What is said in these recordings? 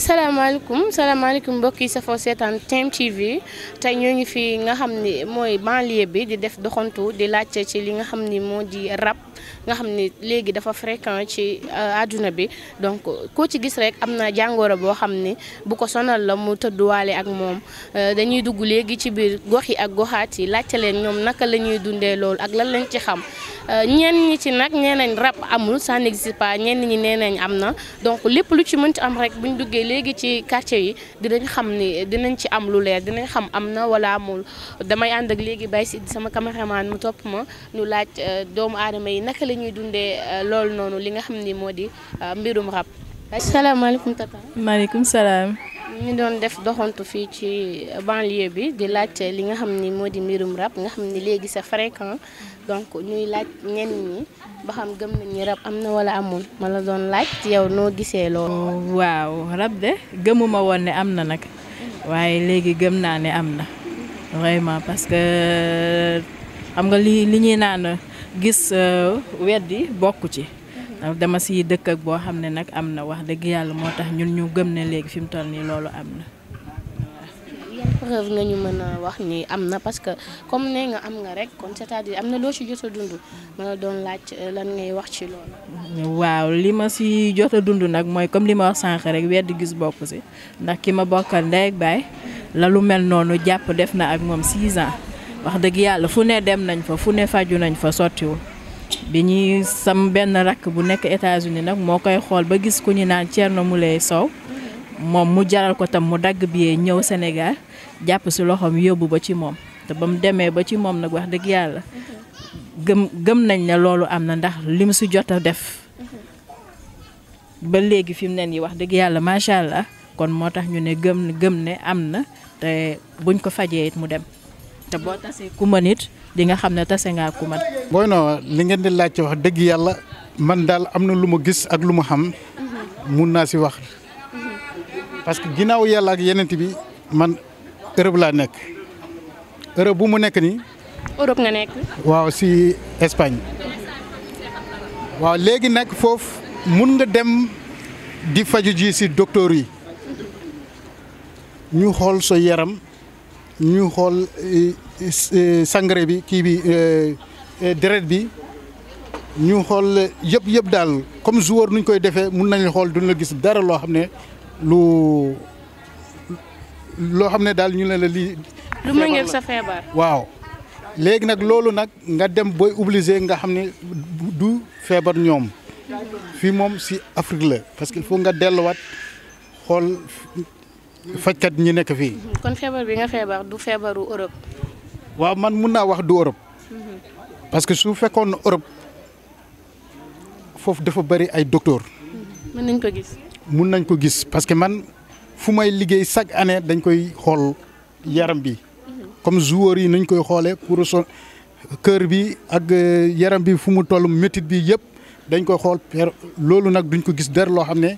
asalaamaaleykum salaamaaleykum mbokk yi safoo seetaan TM TV tey ñoo ngi fi nga xam ni mooy banlieue bi di def doxantu di laajte ci li nga xam ni moo di rab nga xam ni léegi dafa fréquent ci àdduna euh, bi donc koo ci gis rek am na jàngoro boo xam ni bu ko sonal la mu tëdduwaale ak moom euh, dañuy dugg léegi ci biir gox yi ak goxaat yi laajte leen ñoom naka la ñuy dundee lool ak lan lañ ci xam euh, ñenn ñi ci nag nee nañ amul ça n'existe pas ñenn ñi nee nañ am na donc lépp lu ci mënti am rek buñ duggee léegi ci quartier yi dinañ xam ni dinañ ci am lu leer dinañ xam am na wala amul damay ànd ak léegi bàyyi si ñuy dundee euh, loolu noonu li nga xam ni moo di euh, mbirum rab. salaamaaleykum tata. maaleykum salaam. ñu doon def doxantu fii ci banlieue bi di laajte li nga xam ni moo di mbirum rab nga xam ni léegi c'est fréquent donc ñuy laaj ñenn ñi xam gëm nañu rab am na wala amul ma la doon laaj ci yow noo gisee loolu. Oh, waaw rab de gëmuma woon ne am na nag waaye léegi gëm naa ne am na vraiment parce xam nga li ñuy naan. gis euh, weddi bokk ci mhm. dama si dëkk ak boo xam ne nag am na wax dëgg yàlla moo tax ñun ñu gëm ne léegi fi mu toll nii loolu am na preuve nga ñu mën a wax nii am na parce que comme ne nga am nga rek kon cest à am na loo ci jot dund ma la doon laaj euh, lan ngay wax ci loolu. waaw li ma si jot a dund nag mooy comme li ma wax sànq rek weddi gis bokk si ndax ki ma bokkal ndey ak baay la lu mel noonu jàpp def na ak moom 6 ans. wax dëgg yàlla fu ne dem nañ fa fu ne faju nañ fa sottiwul bi ñuy sam benn rakk bu nekk États-Unis nag moo koy xool ba gis ku ñu naan ceer na mu Mouleye Sow moom mu jaral ko tam mu dagg biyee ñëw senegal jàpp si loxoom yóbbu ba ci moom te ba mu demee ba ci moom nag wax dëgg yàlla gëm gëm nañ ne loolu am na ndax li si jot a def ba léegi fi mu ne nii wax dëgg yàlla macha allah kon moo tax ñu ne gëm gëm ne am na te buñ ko fajee it mu dem. te boo tasee kumba nit di nga xam ne tase ngaa kumba. booy non li ngeen di laajte wax dëgg yàlla man daal am na lu ma gis ak lu ma xam. Mhm. mun naa si wax. Mhm. parce que ginnaaw yàlla ak yeneen bi man Europe laa nekk Europe bu mu nekk nii. Europe nga nekk. waaw si Espagne. waaw léegi nag foofu mun nga dem di faju ji si docteur yi mhm. ñu xool sa yaram. ñu xool eh, eh, sangare bi kii bi eh, deret bi ñu xool yëpp yëpp daal comme joueur nuñ koy defee mun nañu xool duñ la gis dara loo xam ne lu loo xam ne daal ñu ne la lii. lu mu ngeen sa feebar. waaw léegi nag loolu nag nga dem booy obligé nga xam ne du feebar ñoom fii moom si Afrique la parce que il faut nga delluwaat xool. fajkat ñi nekk fii. Mhm. kon feebar bi nga feebar du feebaru Europe. waaw man mun naa wax du Europe. Mhm. parce que su fekkoon Europe foofu dafa bëri ay docteur mhm. mën nañ ko gis. mun nañ ko gis parce que man fu may liggéey chaque année dañ koy xool yaram bi. comme joueur yi nañ koy xoolee pour son cœur bi ak euh, yaram bi fu mu toll métit bi yëpp dañ koy xool loolu nag duñ ko gis der loo xam ne.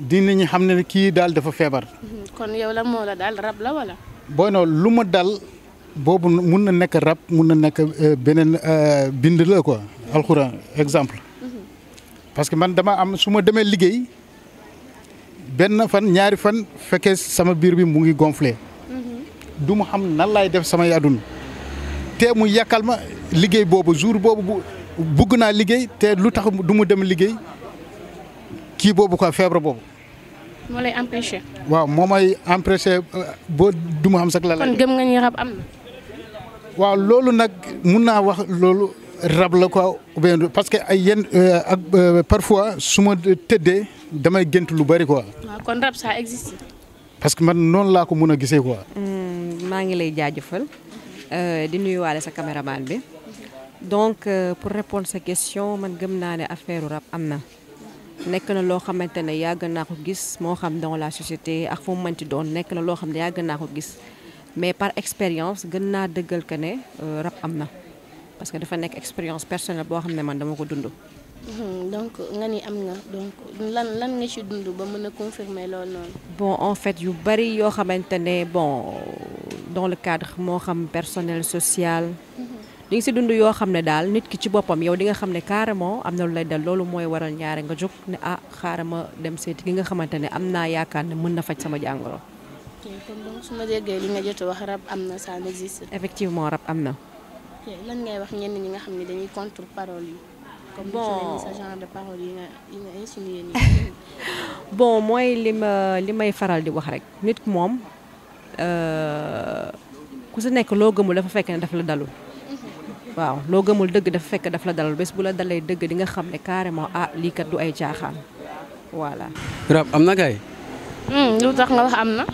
dina ñu xam ne kii daal dafa feebar. Mhm. kon yow la moo la daal rab la wala. booy noonu lu ma dal boobu mun na nekk rab mun na nekk euh, beneen euh, bind la ko alxuraan exemple. Mhm. parce que man dama am su ma demee liggéey benn fan ñaari fan fekkee sama biir bi mu ngi gonflé. Mhm. du ma xam nan laay def samay àdduna te mu yàkkal ma liggéey boobu jour boobu bu bugg naa liggéey te lu tax du mu dem liggéey kii boobu quoi feebar boobu. moo lay empêché. waaw moo may empêché boo du ma am sax la la. kon gëm nga ni rab am na. waaw loolu nag mun naa wax loolu rab la quoi parce que ay yenn euh, ak euh, parfois su ma damay gént lu bari quoi. waaw parce que man noonu laa ko mun a gisee quoi. Hmm, maa ngi lay jaajëfal euh, di nuyuwaale sa caméraman bi donc pour répondre sa question man gëm naa ne affaire rab am na. nekk na loo xamante ne yàgg naa ko gis moo xam dans la société ak fu mu mënti doon nekk na loo xam ne yàgg naa ko gis mais par expérience gën naa dëggal que ne euh, rab am na parce que dafa nekk expérience personnelle boo xam ne man dama ko dund. Mhm, donc nga ni am na donc lan lan nga ci dund ba mën a confirmer loolu noonu. bon en fait yu bari yoo xamante ne bon dans le cadre moo xam personnel social. di nga si dund yoo xam ne daal nit ki ci boppam yow di nga xam ne carrément am na lu lay dal loolu mooy waral ñaare jóg ne ah xaaral ma dem seeti ki nga xamante ne am naa yaakaar ne mën na faj sama jàngoro. kon su ma déggee li nga jot wax rab am na ça n'existe. effectivement rab am na. lan ngay wax ñenn ñi nga xam ne dañuy contre parole yi. comme sa bon mooy li ma li may faral di wax rek nit moom euh, ku si nekk loo gëmul dafa fekk ne daf la dalul. waaw loo gëmul dëgg dafa fekk daf la dalal bés bu la dalee dëgg di nga xam ne carrément ah lii kat du ay caaxaan voilà. na hmm, am na.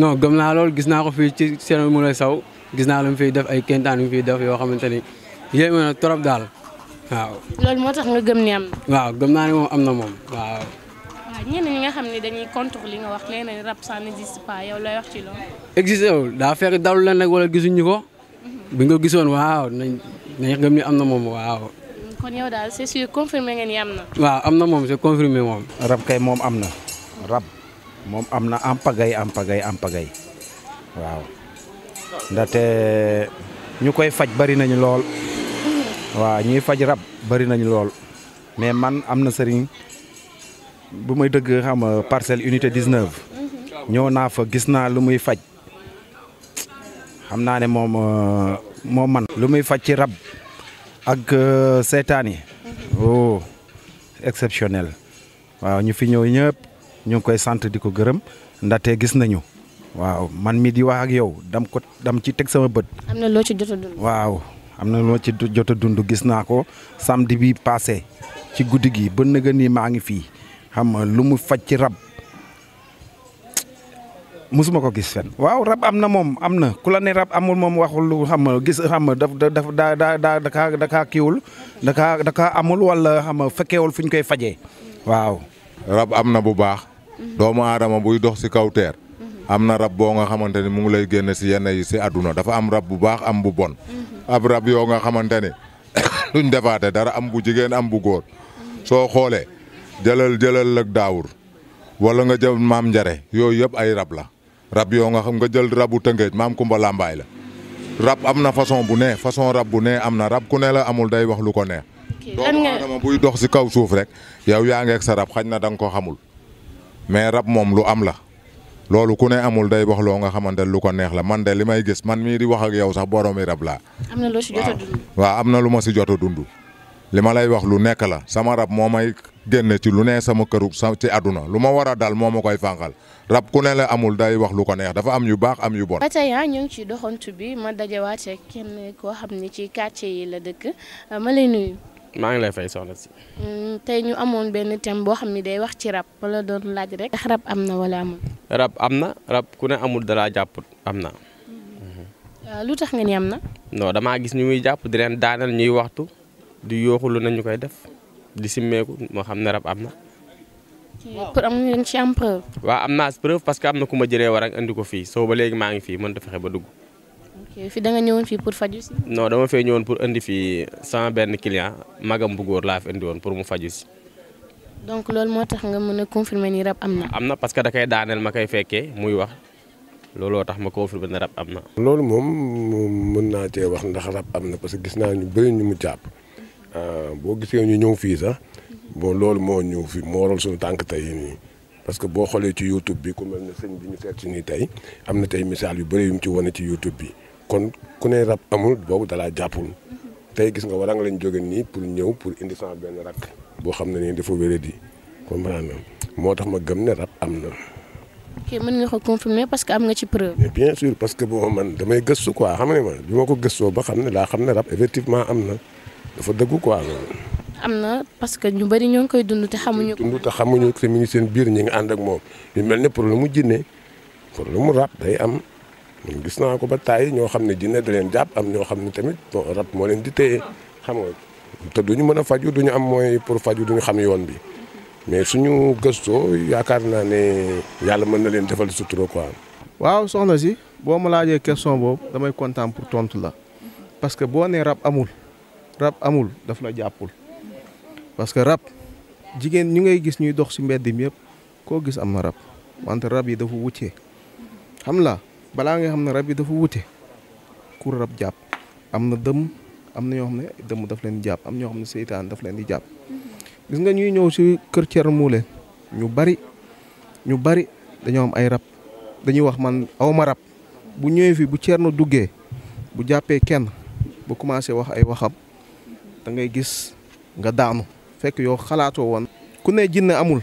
non gëm naa loolu gis naa ko fii ci seen Moulay Sow gis naa lu mu def ay kéntaan yu mu yoo xamante ni yéeme na trop daal waaw. moo tax nga gëm ni am na. waaw gëm naa ne moom am na moom waaw. waaw ñenn ñi nga xam ne dañuy contre li nga wax nee nañ rab ça n'existe pas yow lay wax ci loolu. daa fekk dalu leen rek wala gisuñu ko. Mhm. bi nga gisoon waaw dañuy am na moom waaw. kon yow am na. waaw moom c'est confirmé moom. am na. rab am na am pagay am pagay am pagay ñu koy faj bari nañu lool. waaw ñuy faj rab bari nañu lool mais man am na sëriñ bu may dëgg xam nga parcelle unité 19. Mhm. ñëw naa fa gis naa lu muy faj xam naa ne moom. Euh, moom man lu muy faj ci rab ak euh, seetaan yi mhm. oh exceptionnel waaw ñu fi ñëw ñëpp ñu ngi koy sant di ko gërëm ndaxte gis nañu waaw man mi di wax ak yow dam ko dam ci teg sama bët. ci jot waaw am na loo ci jot a dund gis naa ko samedi bi ci guddi gi ba nëgë nii maa ngi fii xam lu mu faj ci rab. mësuma ko gis fenn waaw rab am na moom am na ku la ne rab amul moom waxul lu xam gis xam daf daf daa daa daa dakaa dakaa kiiwul dakaa dakaa amul wala xam fekkeewul fu ñu koy faje waaw. rab am na bu baax. doomu aadama buy dox ci kaw teer. am na rab boo nga xamante ni mu ngi lay génn si yenn yi si àdduna dafa am rab bu baax am bu bon. ab rab yoo nga xamante ni duñ defaate dara am bu jigéen am bu góor. soo xoolee jëlal jëlal ak daawur wala nga jël maam njare yooyu yëpp ay rab la. rab yoo nga xam nga jël rabu tëngeej maam Kumba Lambaay la rab am na façon bu ne façon rab bu ne am na rab ku ne la amul day wax lu ko neex. doomu aadama si kaw suuf rek yow yaa ngeeg sa rab xañ na da nga xamul mais rab moom lu am la loolu ku ne amul day wax loo nga xamante lu ko neex la man de li may gis man mii di wax ak yow sax boroomi rab laa. am waaw am na lu ma si jot a dund. li ma lay wax lu nekk la sama rab moo may génne ci lu nee sama këru sa ci àdduna lu ma war a dal moo ma koy fànqal rab ku ne la amul day wax lu ko neex dafa am yu baax am yu bon. ba tey ah, ñu ngi ci doxantu bi ma dajawaatee kenn koo xam ne ci quartier la dëkk ah, ma lay nuyu. maa ngi lay fay soxna si. Mm, tey ñu amoon benn thème boo xam ne day wax ci rab wala doon laaj rek. ndax rab am na wala amul. rab am na rab ku ne amul dara jàpp am na. Mm-hmm. Ah, lu tax nga ni am na. non damaa gis ñu jàpp di leen daaneel ñuy waxtu di yooxu lu ñu koy def. di simmeeku moo xam ne rab am na. am am preuve. waaw am naa preuve parce que am na ku ma jëlee war ak andi ko fii soo ba léegi maa ngi fii mënut a fexe ba dugg. ok fii da nga fii pour faju si. non dama fee ñëwoon pour andi fii sama benn client magam bu góor laa fi andi woon pour mu faju si. donc loolu moo tax nga mën a confirmer rab am na. am na parce que da koy daaneel ma koy fekkee muy wax looloo tax ma confirmer ne rab am na. loolu moom mën naa cee wax ndax rab am na parce que gis naa ñu bëri ñu mu jàpp. Euh, boo gisee ñu ñëw fii sax boo loolu moo ñëw fi moo waral suñu tànk tey nii parce que boo xoolee ci YouTube bi ku mel ne sëñ bi ñu si nii tey am na tey misaal yu bëri yu mu ci wane ci YouTube bi kon ku ne rab amul boobu dalaa jàppul tey gis nga war nga lañ jóge nii pour ñëw pour indi sama benn rakk boo xam ne nii dafa wéradi comprendre moo tax ma gëm ne rab am na. ok mën nga ko confirmer parce que am nga ci preuve. bien sûr parce que boo man damay gëstu quoi xam ne ma bi ma ko gëstoo ba xam ne laa xam ne rab effectivement am na. dafa dëggu ko loolu. am na parce que ñu bari ñoo ngi koy dund te xamuñu. dund te xamuñu te mi ngi seen biir ñi ngi ànd ak moom ñu mel ne problème mu jinne problème mu rab day am ñun gis naa ko ba taay ñoo xam ne jinne da leen jàpp am ñoo xam ne tamit rab moo leen di téye xam nga te duñu mën a faju duñu am mooy pour faju duñu xam yoon bi mais suñu gëstoo yaakaar naa ne yàlla mën na leen defal sutura quoi. waaw soxna si boo ma laajee question boobu damay kontaan pour tontu la parce que boo nee rab amul. rab amul daf la jàppul parce que rab jigéen ñu ngay gis ñuy dox ci mbedd mi yëpp koo gis am na rab wante rab yi dafa wutee xam la balaa nga xam ne rab yi dafa wute ku rab jàpp am na dëmm am na ñoo xam ne dëmm daf leen di jàpp am ñoo xam ne seytaan daf leen di jàpp gis nga ñuy ñëw si kër Thierno Moule ñu bari ñu bari dañoo am ay rab dañuy wax man aw ma rab bu ñëwee fii bu Thierno duggee bu jàppee kenn bu commencé wax ay waxam da ngay gis nga daanu fekk yow xalaatoo woon. ku ne jinne amul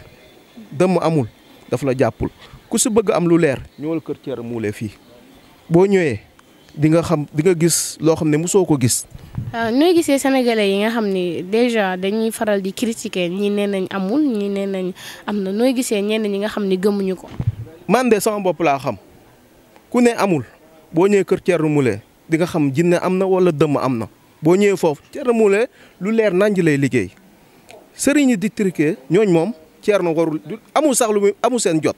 dëmm amul daf la jàppul ku si bëgg am lu leer ñëwal kër Thierno Moule fii boo ñëwee di nga xam di nga gis loo xam ne mosoo ko gis. Ah, nooy gisee sénégalais yi nga xam ne déjà dañuy faral di critiquer ñi ne nañ amul ñi ne nañ am na nooy gisee ñenn ñi nga xam ne gëmuñu ko. man de sama bopp laa xam ku ne amul boo ñëwee kër Thierno Moule di nga xam jinne am na walla dëmm am na. boo ñëwee foofu Thierno Moule lu leer nanj lay liggéey sëriñ yi di triqué ñooñ moom Thierno warul amul sax lu muy amul seen jot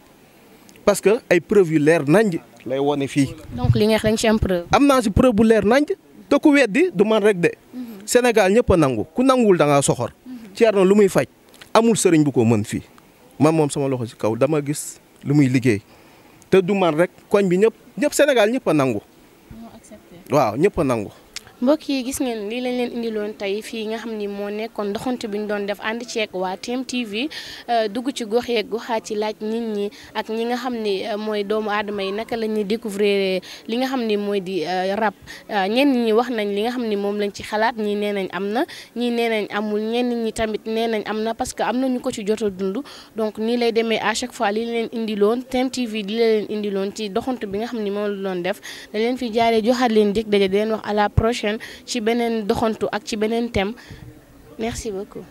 parce que ay preuve yu leer nanj lay wone fii. donc li nga xam ci am naa si preuve bu leer nanj te ku weddi du man rek de. Sénégal ñëpp a nangu ku nanguwul da ngaa soxor. Thierno lu muy faj amul sëriñ bu ko mën fii man moom sama loxo si kaw dama gis lu muy liggéey te du man rek koñ bi ñëpp ñëpp Sénégal ñëpp a nangu. waaw ñëpp a nangu. mbokk yi gis ngeen lii lañ leen indiloon tey fii nga xam ni moo nekkoon doxante bi ñu doon def ànd ceeg waa TMTV euh, dugg ci gox yeeg goxaa ci laaj nit ñi ak ñi nga xam ni euh, mooy doomu aadama yi naka la ñuy découvrir euh, li nga xam ni mooy di rab ñenn ñi wax nañ li nga xam ni moom lañ ci xalaat ñii nee nañ am na ñii nee nañ amul ñenn ñi tamit nee nañ am na parce que am na ñu ko ci jot dund donc nii lay demee à fois li leen indiloon TMTV di la leen indiloon ci doxante bi nga xam ni moom la doon def da leen fi jaaree joxaat leen dig daje di wax a la prochaine FM ci beneen doxantu ak ci beneen thème merci beaucoup.